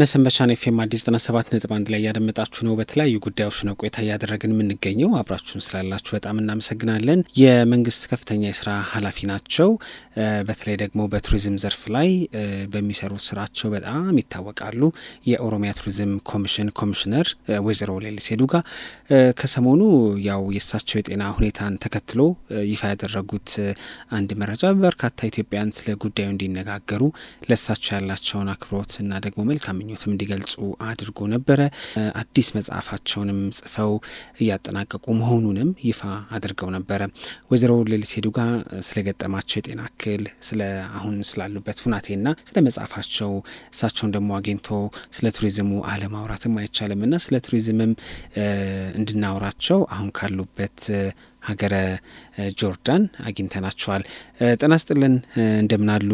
መሰንበቻን ኤፍኤም አዲስ ዘጠና ሰባት ነጥብ አንድ ላይ እያደመጣችሁ ነው። በተለያዩ ጉዳዮች ነው ቆይታ እያደረግን የምንገኘው። አብራችሁን ስላላችሁ በጣም እናመሰግናለን። የመንግስት ከፍተኛ የስራ ኃላፊ ናቸው። በተለይ ደግሞ በቱሪዝም ዘርፍ ላይ በሚሰሩት ስራቸው በጣም ይታወቃሉ። የኦሮሚያ ቱሪዝም ኮሚሽን ኮሚሽነር ወይዘሮ ሌሊሴ ዱጋ ከሰሞኑ ያው የእሳቸው የጤና ሁኔታን ተከትሎ ይፋ ያደረጉት አንድ መረጃ በርካታ ኢትዮጵያን ስለ ጉዳዩ እንዲነጋገሩ ለእሳቸው ያላቸውን አክብሮት እና ደግሞ መልካም ምኞትም እንዲገልጹ አድርጎ ነበረ። አዲስ መጽሐፋቸውንም ጽፈው እያጠናቀቁ መሆኑንም ይፋ አድርገው ነበረ። ወይዘሮ ሌሊሴ ዱጋ ስለገጠማቸው የጤና እክል፣ ስለ አሁን ስላሉበት ሁናቴና ስለ መጽሐፋቸው እሳቸውን ደግሞ አግኝቶ ስለ ቱሪዝሙ አለማውራትም አይቻልምና ስለ ቱሪዝምም እንድናወራቸው አሁን ካሉበት ሀገረ ጆርዳን አግኝተናቸዋል። ጤና ይስጥልን እንደምናሉ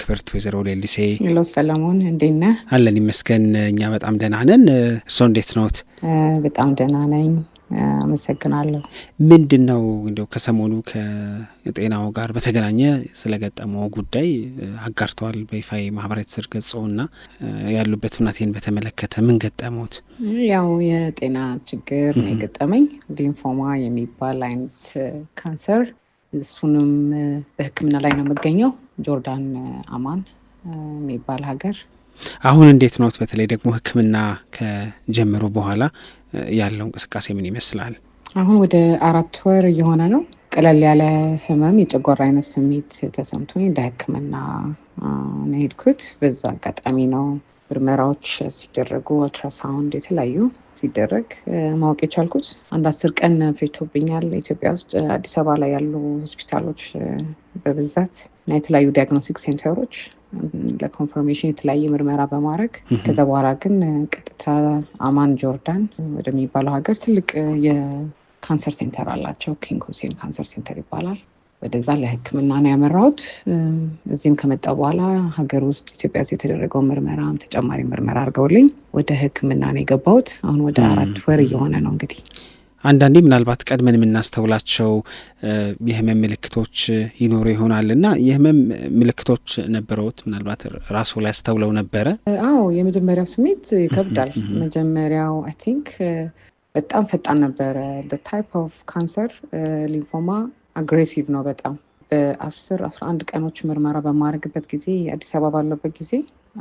ክብርት ወይዘሮ ሌሊሴ ሎ ሰለሞን እንዴት ነህ? አለን ይመስገን እኛ በጣም ደህና ነን። እርስዎ እንዴት ነዎት? በጣም ደህና ነኝ። አመሰግናለሁ። ምንድን ነው እንዲያው ከሰሞኑ ከጤናው ጋር በተገናኘ ስለገጠመው ጉዳይ አጋርተዋል በይፋ ማህበራዊ ትስስር ገጾ እና ያሉበት ሁናቴን በተመለከተ ምን ገጠሙት? ያው የጤና ችግር ነው የገጠመኝ። ሊንፎማ የሚባል አይነት ካንሰር፣ እሱንም በሕክምና ላይ ነው የምገኘው ጆርዳን አማን የሚባል ሀገር። አሁን እንዴት ነዎት? በተለይ ደግሞ ሕክምና ከጀመሩ በኋላ ያለው እንቅስቃሴ ምን ይመስላል? አሁን ወደ አራት ወር እየሆነ ነው። ቀለል ያለ ህመም፣ የጨጓራ አይነት ስሜት ተሰምቶኝ እንደ ህክምና ነው የሄድኩት። በዛ አጋጣሚ ነው ምርመራዎች ሲደረጉ አልትራሳውንድ የተለያዩ ሲደረግ ማወቅ የቻልኩት አንድ አስር ቀን ፌቶብኛል ኢትዮጵያ ውስጥ አዲስ አበባ ላይ ያሉ ሆስፒታሎች በብዛት እና የተለያዩ ዲያግኖስቲክ ሴንተሮች ለኮንፎርሜሽን የተለያየ ምርመራ በማድረግ ከዛ በኋላ ግን ቀጥታ አማን ጆርዳን ወደሚባለው ሀገር ትልቅ የካንሰር ሴንተር አላቸው። ኪንግ ሁሴን ካንሰር ሴንተር ይባላል። ወደዛ ለህክምና ነው ያመራሁት። እዚህም ከመጣ በኋላ ሀገር ውስጥ ኢትዮጵያ ውስጥ የተደረገው ምርመራ ተጨማሪ ምርመራ አድርገውልኝ ወደ ህክምና ነው የገባሁት። አሁን ወደ አራት ወር እየሆነ ነው እንግዲህ አንዳንዴ ምናልባት ቀድመን የምናስተውላቸው የህመም ምልክቶች ይኖሩ ይሆናል እና የህመም ምልክቶች ነበረውት ምናልባት ራሱ ላይ አስተውለው ነበረ? አዎ የመጀመሪያው ስሜት ይከብዳል። መጀመሪያው አይ ቲንክ በጣም ፈጣን ነበረ። ታይፕ ኦፍ ካንሰር ሊንፎማ አግሬሲቭ ነው በጣም በአስር አስራ አንድ ቀኖች ምርመራ በማድረግበት ጊዜ አዲስ አበባ ባለበት ጊዜ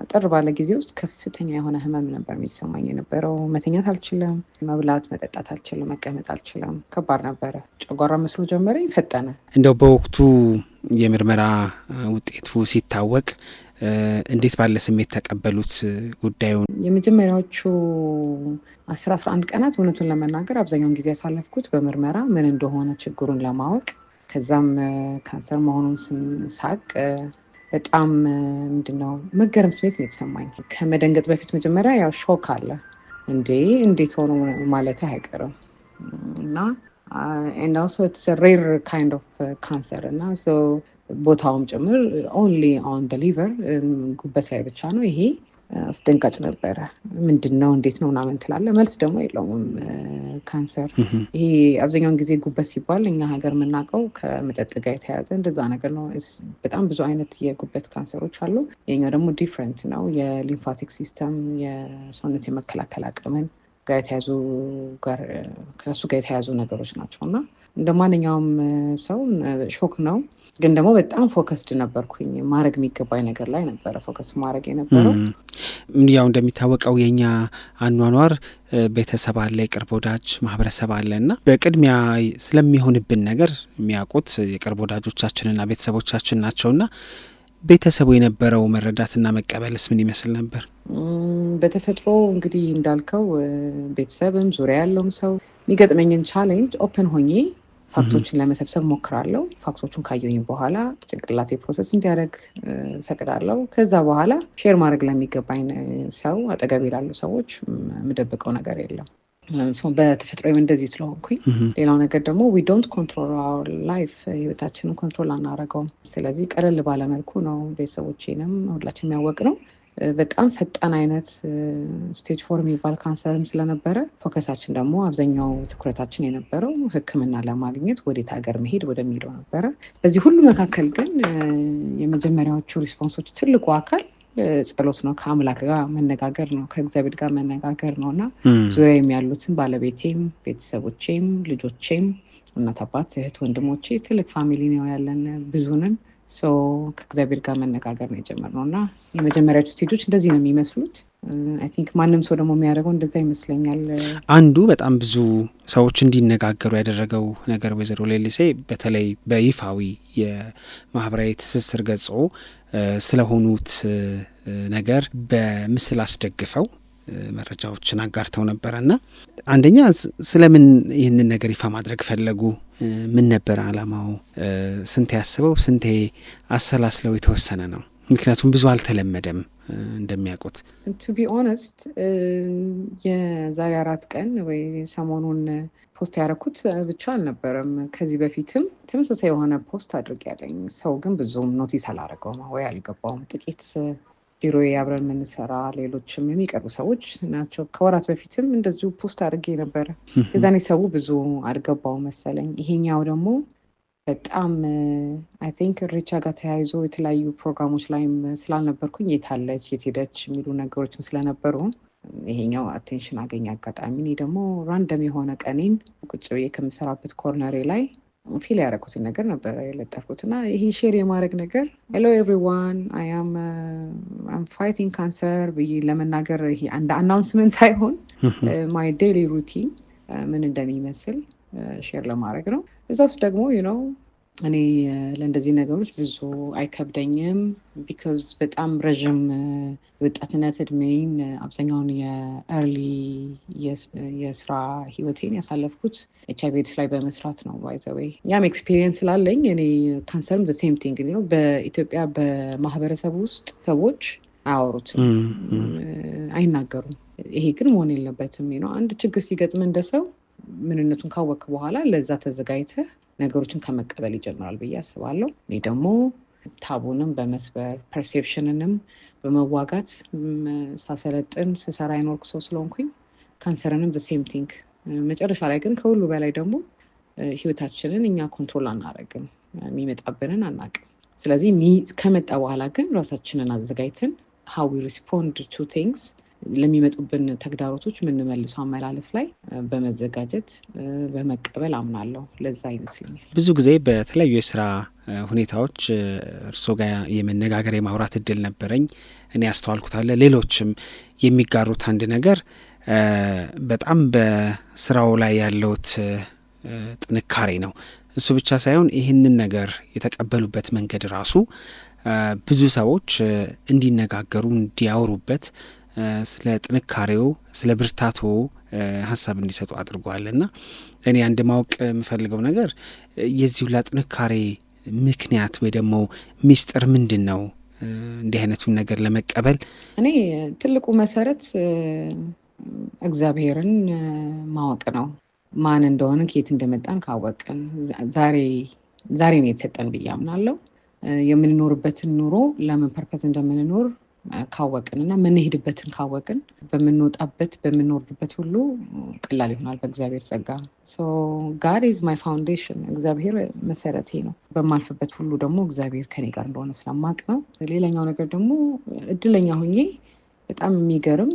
አጠር ባለ ጊዜ ውስጥ ከፍተኛ የሆነ ህመም ነበር የሚሰማኝ የነበረው። መተኛት አልችልም፣ መብላት መጠጣት አልችልም፣ መቀመጥ አልችልም። ከባድ ነበረ። ጨጓራ መስሎ ጀመረኝ፣ ፈጠነ። እንደው በወቅቱ የምርመራ ውጤቱ ሲታወቅ እንዴት ባለ ስሜት ተቀበሉት ጉዳዩን? የመጀመሪያዎቹ አስር አስራ አንድ ቀናት እውነቱን ለመናገር አብዛኛውን ጊዜ ያሳለፍኩት በምርመራ ምን እንደሆነ ችግሩን ለማወቅ ከዛም ካንሰር መሆኑን ሳቅ በጣም ምንድነው መገረም ስሜት ነው የተሰማኝ። ከመደንገጥ በፊት መጀመሪያ ያው ሾክ አለ። እንዴ እንዴት ሆኖ ማለት አይቀርም እና እና ሶ ኢትስ ሬር ካይንድ ኦፍ ካንሰር እና ቦታውም ጭምር ኦንሊ ኦን ሊቨር ጉበት ላይ ብቻ ነው ይሄ አስደንጋጭ ነበረ። ምንድን ነው እንዴት ነው ምናምን ትላለ። መልስ ደግሞ የለውም። ካንሰር ይሄ አብዛኛውን ጊዜ ጉበት ሲባል እኛ ሀገር የምናውቀው ከመጠጥ ጋር የተያያዘ እንደዛ ነገር ነው። በጣም ብዙ አይነት የጉበት ካንሰሮች አሉ። የኛው ደግሞ ዲፍረንት ነው። የሊምፋቲክ ሲስተም የሰውነት የመከላከል አቅምን ጋር የተያዙ ጋር ከእሱ ጋር የተያዙ ነገሮች ናቸው እና እንደ ማንኛውም ሰው ሾክ ነው ግን ደግሞ በጣም ፎከስድ ነበርኩኝ። ማድረግ የሚገባኝ ነገር ላይ ነበረ ፎከስ ማድረግ የነበረው። ያው እንደሚታወቀው የኛ አኗኗር ቤተሰብ አለ፣ የቅርብ ወዳጅ ማህበረሰብ አለ እና በቅድሚያ ስለሚሆንብን ነገር የሚያውቁት የቅርብ ወዳጆቻችንና ቤተሰቦቻችን ናቸውና ቤተሰቡ የነበረው መረዳትና መቀበልስ ምን ይመስል ነበር? በተፈጥሮ እንግዲህ እንዳልከው ቤተሰብም ዙሪያ ያለውም ሰው የሚገጥመኝን ቻሌንጅ ኦፕን ሆኜ ፋክቶችን ለመሰብሰብ ሞክራለሁ። ፋክቶቹን ካየኝ በኋላ ጭንቅላቴ ፕሮሰስ እንዲያደርግ ፈቅዳለው ከዛ በኋላ ሼር ማድረግ ለሚገባኝ ሰው፣ አጠገቤ ላሉ ሰዎች የምደብቀው ነገር የለም። በተፈጥሮ እንደዚህ ስለሆንኩኝ፣ ሌላው ነገር ደግሞ ዊ ዶንት ኮንትሮል ላይፍ፣ ህይወታችንን ኮንትሮል አናደርገውም። ስለዚህ ቀለል ባለመልኩ ነው ቤተሰቦቼንም ሁላችን የሚያወቅ ነው በጣም ፈጣን አይነት ስቴጅ ፎር የሚባል ካንሰርን ስለነበረ ፎከሳችን ደግሞ አብዛኛው ትኩረታችን የነበረው ሕክምና ለማግኘት ወዴት ሀገር መሄድ ወደሚለው ነበረ። በዚህ ሁሉ መካከል ግን የመጀመሪያዎቹ ሪስፖንሶች ትልቁ አካል ጸሎት ነው። ከአምላክ ጋር መነጋገር ነው። ከእግዚአብሔር ጋር መነጋገር ነው እና ዙሪያ ያሉትን ባለቤቴም፣ ቤተሰቦቼም፣ ልጆቼም፣ እናት አባት፣ እህት ወንድሞቼ ትልቅ ፋሚሊ ነው ያለን ብዙንን ከእግዚአብሔር ጋር መነጋገር ነው የጀመርነው እና የመጀመሪያቸው ስቴጆች እንደዚህ ነው የሚመስሉት። ቲንክ ማንም ሰው ደግሞ የሚያደርገው እንደዛ ይመስለኛል። አንዱ በጣም ብዙ ሰዎች እንዲነጋገሩ ያደረገው ነገር ወይዘሮ ሌሊሴ በተለይ በይፋዊ የማህበራዊ ትስስር ገጾ ስለሆኑት ነገር በምስል አስደግፈው መረጃዎችን አጋርተው ነበረ እና አንደኛ ስለምን ይህንን ነገር ይፋ ማድረግ ፈለጉ? ምን ነበረ አላማው? ስንቴ ያስበው ስንቴ አሰላስለው የተወሰነ ነው? ምክንያቱም ብዙ አልተለመደም እንደሚያውቁት። ቱ ቢ ኦነስት የዛሬ አራት ቀን ወይ ሰሞኑን ፖስት ያደረኩት ብቻ አልነበረም። ከዚህ በፊትም ተመሳሳይ የሆነ ፖስት አድርጌያለሁ። ሰው ግን ብዙም ኖቲስ አላደረገውም ወይ አልገባውም። ጥቂት ቢሮ አብረን የምንሰራ ሌሎችም የሚቀርቡ ሰዎች ናቸው። ከወራት በፊትም እንደዚሁ ፖስት አድርጌ ነበረ። የዛኔ ሰው ብዙ አልገባው መሰለኝ። ይሄኛው ደግሞ በጣም አይ ቲንክ ሬቻ ጋር ተያይዞ የተለያዩ ፕሮግራሞች ላይም ስላልነበርኩኝ የታለች የት ሄደች የሚሉ ነገሮችም ስለነበሩ ይሄኛው አቴንሽን አገኘ አጋጣሚ። እኔ ደግሞ ራንደም የሆነ ቀኔን ቁጭ ብዬ ከምሰራበት ኮርነሬ ላይ ፊል ያደረኩትን ነገር ነበረ የለጠፍኩት እና ይሄ ሼር የማድረግ ነገር ሄሎ ኤቭሪዋን አይ አም ፋይቲንግ ካንሰር ብዬ ለመናገር ይሄ እንደ አናውንስመንት ሳይሆን ማይ ዴይሊ ሩቲን ምን እንደሚመስል uh, ሼር ለማድረግ ነው። እዛ ውስጥ ደግሞ ነው እኔ uh, ለእንደዚህ ነገሮች ብዙ አይከብደኝም። ቢካዝ በጣም ረዥም uh, ወጣትነት እድሜን አብዛኛውን የኤርሊ የስራ ህይወቴን ያሳለፍኩት ኤች አይቪ ኤድስ ላይ በመስራት ነው። ባይዘወይ ያም ኤክስፒሪየንስ ስላለኝ እኔ ካንሰርም ዘሴም ቲንግ ነው። በኢትዮጵያ በማህበረሰብ ውስጥ ሰዎች አያወሩትም፣ አይናገሩም። ይሄ ግን መሆን የለበትም ነው። አንድ ችግር ሲገጥም እንደ ሰው ምንነቱን ካወቅክ በኋላ ለዛ ተዘጋጅተህ ነገሮችን ከመቀበል ይጀምራል ብዬ አስባለሁ። እኔ ደግሞ ታቡንም በመስበር ፐርሴፕሽንንም በመዋጋት ሳሰለጥን ስሰራ አይኖርክ ሰው ስለሆንኩኝ ካንሰርንም ዘሴም ቲንግ። uh, መጨረሻ ላይ ግን ከሁሉ በላይ ደግሞ uh, ህይወታችንን እኛ ኮንትሮል አናረግም፣ uh, የሚመጣብንን አናቅም። ስለዚህ ከመጣ በኋላ ግን ራሳችንን አዘጋጅተን ሀዊ ሪስፖንድ ቱ ቲንግስ ለሚመጡብን ተግዳሮቶች የምንመልሱ አመላለስ ላይ በመዘጋጀት በመቀበል አምናለሁ። ለዛ ይመስለኛል ብዙ ጊዜ በተለያዩ የስራ ሁኔታዎች እርስ ጋር የመነጋገር የማውራት እድል ነበረኝ። እኔ ያስተዋልኩታለ ሌሎችም የሚጋሩት አንድ ነገር በጣም በስራው ላይ ያለውት ጥንካሬ ነው። እሱ ብቻ ሳይሆን ይህንን ነገር የተቀበሉበት መንገድ ራሱ ብዙ ሰዎች እንዲነጋገሩ እንዲያወሩበት፣ ስለ ጥንካሬው፣ ስለ ብርታቶ ሀሳብ እንዲሰጡ አድርጓል እና እኔ አንድ ማወቅ የምፈልገው ነገር የዚህ ሁላ ጥንካሬ ምክንያት ወይ ደግሞ ሚስጥር ምንድን ነው? እንዲህ አይነቱን ነገር ለመቀበል እኔ ትልቁ መሰረት እግዚአብሔርን ማወቅ ነው። ማን እንደሆነ ከየት እንደመጣን ካወቅን ዛሬ ዛሬ ነው የተሰጠን ብዬ አምናለሁ። የምንኖርበትን ኑሮ ለምን ፐርፐዝ እንደምንኖር ካወቅን እና የምንሄድበትን ካወቅን በምንወጣበት በምንወርድበት ሁሉ ቀላል ይሆናል። በእግዚአብሔር ጸጋ ጋድ ኢዝ ማይ ፋውንዴሽን፣ እግዚአብሔር መሰረቴ ነው። በማልፍበት ሁሉ ደግሞ እግዚአብሔር ከኔ ጋር እንደሆነ ስለማቅ ነው። ሌላኛው ነገር ደግሞ እድለኛ ሁኜ በጣም የሚገርም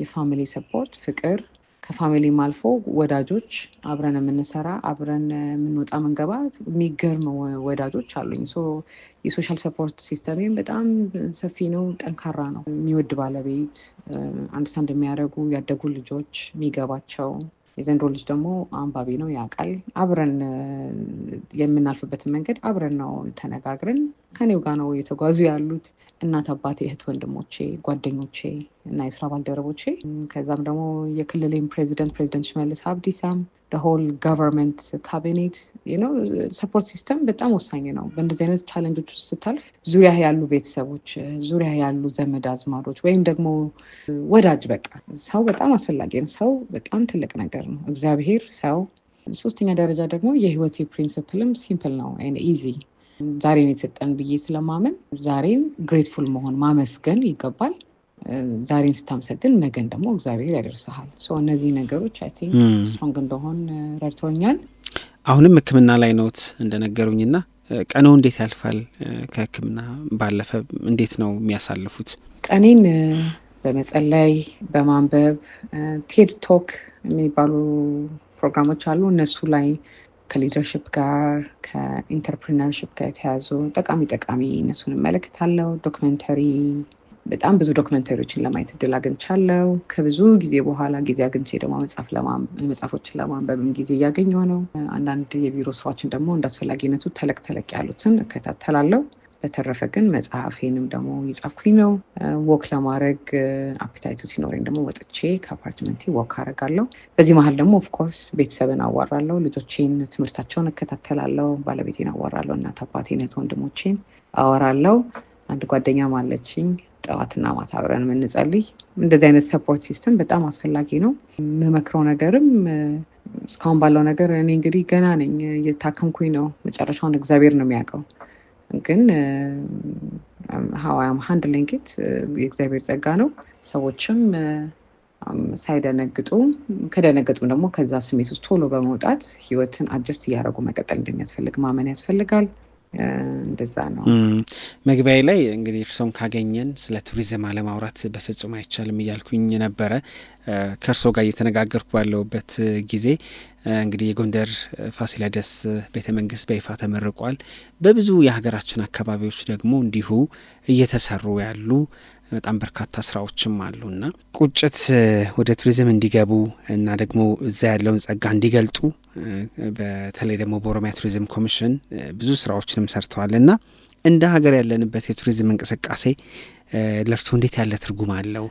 የፋሚሊ ሰፖርት ፍቅር፣ ከፋሚሊም አልፎ ወዳጆች አብረን የምንሰራ አብረን የምንወጣ ምንገባ የሚገርም ወዳጆች አሉኝ። የሶሻል ሰፖርት ሲስተሜም በጣም ሰፊ ነው፣ ጠንካራ ነው። የሚወድ ባለቤት፣ ሳንድ የሚያደርጉ ያደጉ ልጆች የሚገባቸው የዘንድሮ ልጅ ደግሞ አንባቢ ነው፣ ያውቃል። አብረን የምናልፍበትን መንገድ አብረን ነው ተነጋግረን ከኔው ጋር ነው የተጓዙ ያሉት እናት አባቴ፣ እህት ወንድሞቼ፣ ጓደኞቼ እና የስራ ባልደረቦቼ ከዛም ደግሞ የክልሌም ፕሬዚደንት ፕሬዚደንት ሽመልስ አብዲሳም ሆል ጋቨርንመንት ካቢኔት ነው። ሰፖርት ሲስተም በጣም ወሳኝ ነው። በእንደዚህ አይነት ቻለንጆች ውስጥ ስታልፍ ዙሪያ ያሉ ቤተሰቦች፣ ዙሪያ ያሉ ዘመድ አዝማዶች ወይም ደግሞ ወዳጅ በቃ ሰው በጣም አስፈላጊ ነው። ሰው በጣም ትልቅ ነገር ነው። እግዚአብሔር፣ ሰው። ሶስተኛ ደረጃ ደግሞ የህይወቴ ፕሪንስፕልም ሲምፕል ነው፣ ኢዚ ዛሬን የተሰጠን ብዬ ስለማመን ዛሬን ግሬትፉል መሆን ማመስገን ይገባል። ዛሬን ስታመሰግን ነገን ደግሞ እግዚአብሔር ያደርሰሃል እነዚህ ነገሮች አይ ቲንክ ስትሮንግ እንደሆን ረድቶኛል። አሁንም ህክምና ላይ ነውት እንደነገሩኝና ቀኖ እንዴት ያልፋል? ከህክምና ባለፈ እንዴት ነው የሚያሳልፉት? ቀኔን በመጸለይ በማንበብ ቴድ ቶክ የሚባሉ ፕሮግራሞች አሉ። እነሱ ላይ ከሊደርሽፕ ጋር ከኢንተርፕሪነርሽፕ ጋር የተያዙ ጠቃሚ ጠቃሚ እነሱን እመለከታለሁ። ዶክመንተሪ በጣም ብዙ ዶክመንተሪዎችን ለማየት እድል አግኝቻለው ከብዙ ጊዜ በኋላ ጊዜ አግኝቼ ደግሞ መጽሐፍ መጽሐፎችን ለማንበብም ጊዜ እያገኘ ነው። አንዳንድ የቢሮ ስራዎችን ደግሞ እንዳስፈላጊነቱ ተለቅ ተለቅ ያሉትን እከታተላለሁ። በተረፈ ግን መጽሐፌንም ደግሞ ይጻፍኩኝ ነው። ወክ ለማድረግ አፒታይቱ ሲኖረኝ ደግሞ ወጥቼ ከአፓርትመንት ወክ አረጋለው በዚህ መሀል ደግሞ ኦፍኮርስ ቤተሰብን አዋራለው ልጆቼን ትምህርታቸውን እከታተላለሁ፣ ባለቤቴን አዋራለው እናት አባቴን፣ ወንድሞቼን አወራለው አንድ ጓደኛም አለችኝ ጠዋትና ማታ አብረን የምንጸልይ እንደዚህ አይነት ሰፖርት ሲስተም በጣም አስፈላጊ ነው። የምመክረው ነገርም እስካሁን ባለው ነገር እኔ እንግዲህ ገና ነኝ፣ እየታከምኩኝ ነው። መጨረሻውን እግዚአብሔር ነው የሚያውቀው። ግን ሀዋያም ሀንድ ሊንጌት የእግዚአብሔር ጸጋ ነው። ሰዎችም ሳይደነግጡ ከደነገጡም ደግሞ ከዛ ስሜት ውስጥ ቶሎ በመውጣት ህይወትን አጀስት እያደረጉ መቀጠል እንደሚያስፈልግ ማመን ያስፈልጋል። እንደዛ ነው። መግቢያ ላይ እንግዲህ እርሶም ካገኘን ስለ ቱሪዝም አለማውራት በፍጹም አይቻልም እያልኩኝ ነበረ። ከእርሶ ጋር እየተነጋገርኩ ባለሁበት ጊዜ እንግዲህ የጎንደር ፋሲለደስ ቤተ መንግስት በይፋ ተመርቋል። በብዙ የሀገራችን አካባቢዎች ደግሞ እንዲሁ እየተሰሩ ያሉ በጣም በርካታ ስራዎችም እና ቁጭት ወደ ቱሪዝም እንዲገቡ እና ደግሞ እዛ ያለውን ጸጋ እንዲገልጡ በተለይ ደግሞ በኦሮሚያ ቱሪዝም ኮሚሽን ብዙ ስራዎችንም ሰርተዋል እና እንደ ሀገር ያለንበት የቱሪዝም እንቅስቃሴ ለእርስዎ እንዴት ያለ ትርጉም አለው?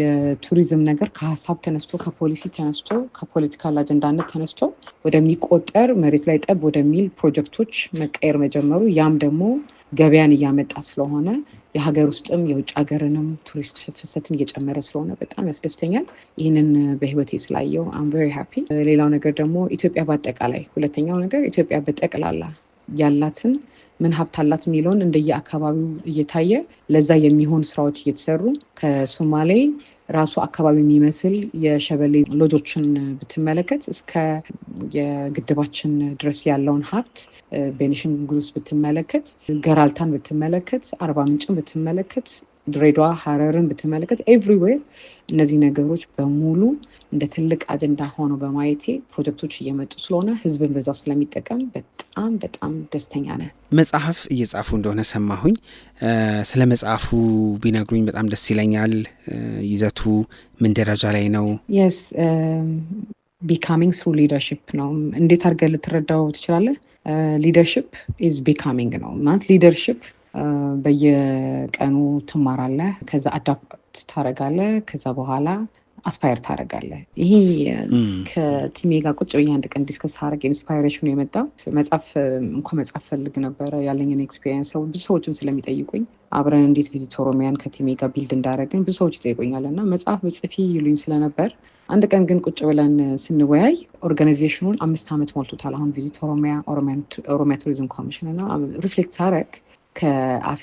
የቱሪዝም ነገር ከሀሳብ ተነስቶ ከፖሊሲ ተነስቶ ከፖለቲካል አጀንዳነት ተነስቶ ወደሚቆጠር መሬት ላይ ጠብ ወደሚል ፕሮጀክቶች መቀየር መጀመሩ ያም ደግሞ ገበያን እያመጣ ስለሆነ የሀገር ውስጥም የውጭ ሀገርንም ቱሪስት ፍሰትን እየጨመረ ስለሆነ በጣም ያስደስተኛል። ይህንን በህይወቴ ስላየው አም ቬሪ ሃፒ። ሌላው ነገር ደግሞ ኢትዮጵያ በአጠቃላይ ሁለተኛው ነገር ኢትዮጵያ በጠቅላላ ያላትን ምን ሀብት አላት የሚለውን እንደየአካባቢው እየታየ ለዛ የሚሆን ስራዎች እየተሰሩ ከሶማሌ ራሱ አካባቢ የሚመስል የሸበሌ ሎጆችን ብትመለከት እስከ የግድባችን ድረስ ያለውን ሀብት ቤኒሻንጉል ውስጥ ብትመለከት፣ ገራልታን ብትመለከት፣ አርባ ምንጭን ብትመለከት ድሬዳዋ ሀረርን ብትመለከት ኤቭሪዌር እነዚህ ነገሮች በሙሉ እንደ ትልቅ አጀንዳ ሆኖ በማየቴ ፕሮጀክቶች እየመጡ ስለሆነ ህዝብን በዛው ስለሚጠቀም በጣም በጣም ደስተኛ ነ መጽሐፍ እየጻፉ እንደሆነ ሰማሁኝ። ስለ መጽሐፉ ቢነግሩኝ በጣም ደስ ይለኛል። ይዘቱ ምን ደረጃ ላይ ነው? የስ ቢካሚንግ ስሩ ሊደርሽፕ ነው። እንዴት አድርገህ ልትረዳው ትችላለህ? ሊደርሽፕ ኢዝ ቢካሚንግ ነው ማለት ሊደርሽፕ በየቀኑ ትማራለህ፣ ከዛ አዳፕት ታደርጋለህ፣ ከዛ በኋላ አስፓየር ታደርጋለህ። ይሄ ከቲሜ ጋር ቁጭ ብዬ አንድ ቀን ዲስከስ አደረግ ኢንስፓይሬሽኑ የመጣው መጽሐፍ እንኳ መጽሐፍ ፈልግ ነበረ ያለኝን ኤክስፔሪንስ ሰው ብዙ ሰዎችም ስለሚጠይቁኝ አብረን እንዴት ቪዚት ኦሮሚያን ከቲሜ ጋር ቢልድ እንዳደረግን ብዙ ሰዎች ይጠይቁኛል እና መጽሐፍ ብጽፊ ይሉኝ ስለነበር አንድ ቀን ግን ቁጭ ብለን ስንወያይ ኦርጋናይዜሽኑን አምስት ዓመት ሞልቶታል አሁን ቪዚት ኦሮሚያ ኦሮሚያ ቱሪዝም ኮሚሽን እና ሪፍሌክት ሳረግ ከአፌ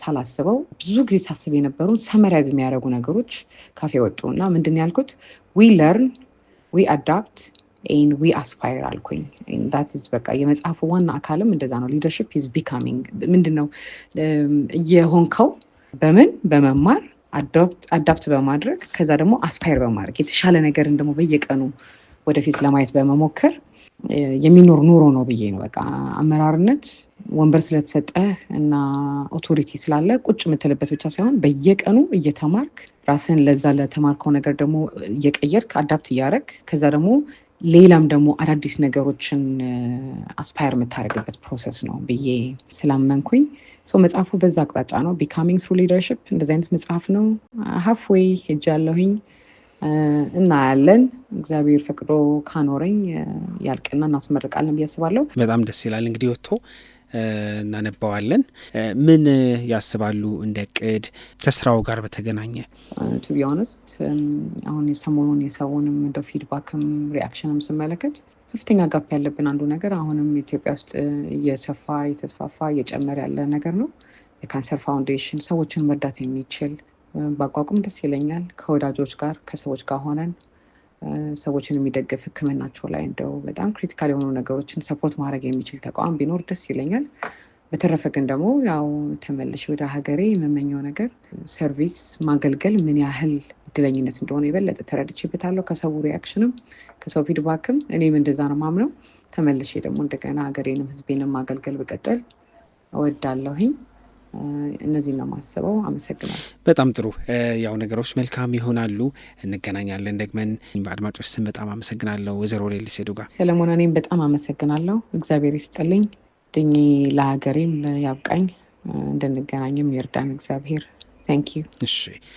ሳላስበው ብዙ ጊዜ ሳስብ የነበሩን ሰመራይዝ የሚያደርጉ ነገሮች ካፌ ወጡ እና ምንድን ያልኩት ዊ ለርን ዊ አዳፕት ኤን ዊ አስፓይር አልኩኝ። ዳትስ በቃ የመጽሐፉ ዋና አካልም እንደዛ ነው። ሊደርሽፕ ኢዝ ቢካሚንግ ምንድን ነው የሆንከው በምን በመማር አዳፕት በማድረግ ከዛ ደግሞ አስፓየር በማድረግ የተሻለ ነገርን ደግሞ በየቀኑ ወደፊት ለማየት በመሞከር የሚኖር ኑሮ ነው ብዬ ነው። በቃ አመራርነት ወንበር ስለተሰጠህ እና ኦቶሪቲ ስላለ ቁጭ የምትልበት ብቻ ሳይሆን በየቀኑ እየተማርክ ራስን ለዛ ለተማርከው ነገር ደግሞ እየቀየርክ አዳፕት እያደረግ ከዛ ደግሞ ሌላም ደግሞ አዳዲስ ነገሮችን አስፓየር የምታደርግበት ፕሮሰስ ነው ብዬ ስላመንኩኝ መጽሐፉ በዛ አቅጣጫ ነው። ቢካሚንግ ሊደርሽፕ እንደዚህ አይነት መጽሐፍ ነው። ሀፍዌይ አለሁኝ። እናያለን። እግዚአብሔር ፈቅዶ ካኖረኝ ያልቅና እናስመርቃለን ብዬ አስባለሁ። በጣም ደስ ይላል። እንግዲህ ወጥቶ እናነባዋለን። ምን ያስባሉ እንደ እቅድ ከስራው ጋር በተገናኘ? ቱቢ ኦነስት አሁን የሰሞኑን የሰውንም እንደ ፊድባክም ሪያክሽንም ስመለከት ከፍተኛ ጋፕ ያለብን አንዱ ነገር አሁንም ኢትዮጵያ ውስጥ እየሰፋ እየተስፋፋ እየጨመረ ያለ ነገር ነው። የካንሰር ፋውንዴሽን ሰዎችን መርዳት የሚችል ባቋቁም ደስ ይለኛል። ከወዳጆች ጋር ከሰዎች ጋር ሆነን ሰዎችን የሚደግፍ ህክምናቸው ላይ እንደው በጣም ክሪቲካል የሆኑ ነገሮችን ሰፖርት ማድረግ የሚችል ተቋም ቢኖር ደስ ይለኛል። በተረፈ ግን ደግሞ ያው ተመልሼ ወደ ሀገሬ የምመኘው ነገር ሰርቪስ ማገልገል ምን ያህል እድለኝነት እንደሆነ የበለጠ ተረድቼበታለሁ። ከሰው ሪያክሽንም ከሰው ፊድባክም እኔም እንደዛ ነው ማምነው። ተመልሼ ደግሞ እንደገና ሀገሬንም ህዝቤንም ማገልገል ብቀጠል እወዳለሁኝ። እነዚህን ነው ማስበው። አመሰግናለሁ። በጣም ጥሩ። ያው ነገሮች መልካም ይሆናሉ። እንገናኛለን ደግመን። በአድማጮች ስም በጣም አመሰግናለሁ ወይዘሮ ሌሊሴ ዱጋ። ሰለሞን፣ እኔም በጣም አመሰግናለሁ። እግዚአብሔር ይስጥልኝ። ድኝ ለሀገሬም ያብቃኝ። እንድንገናኝም ይርዳን እግዚአብሔር። ታንኪዩ። እሺ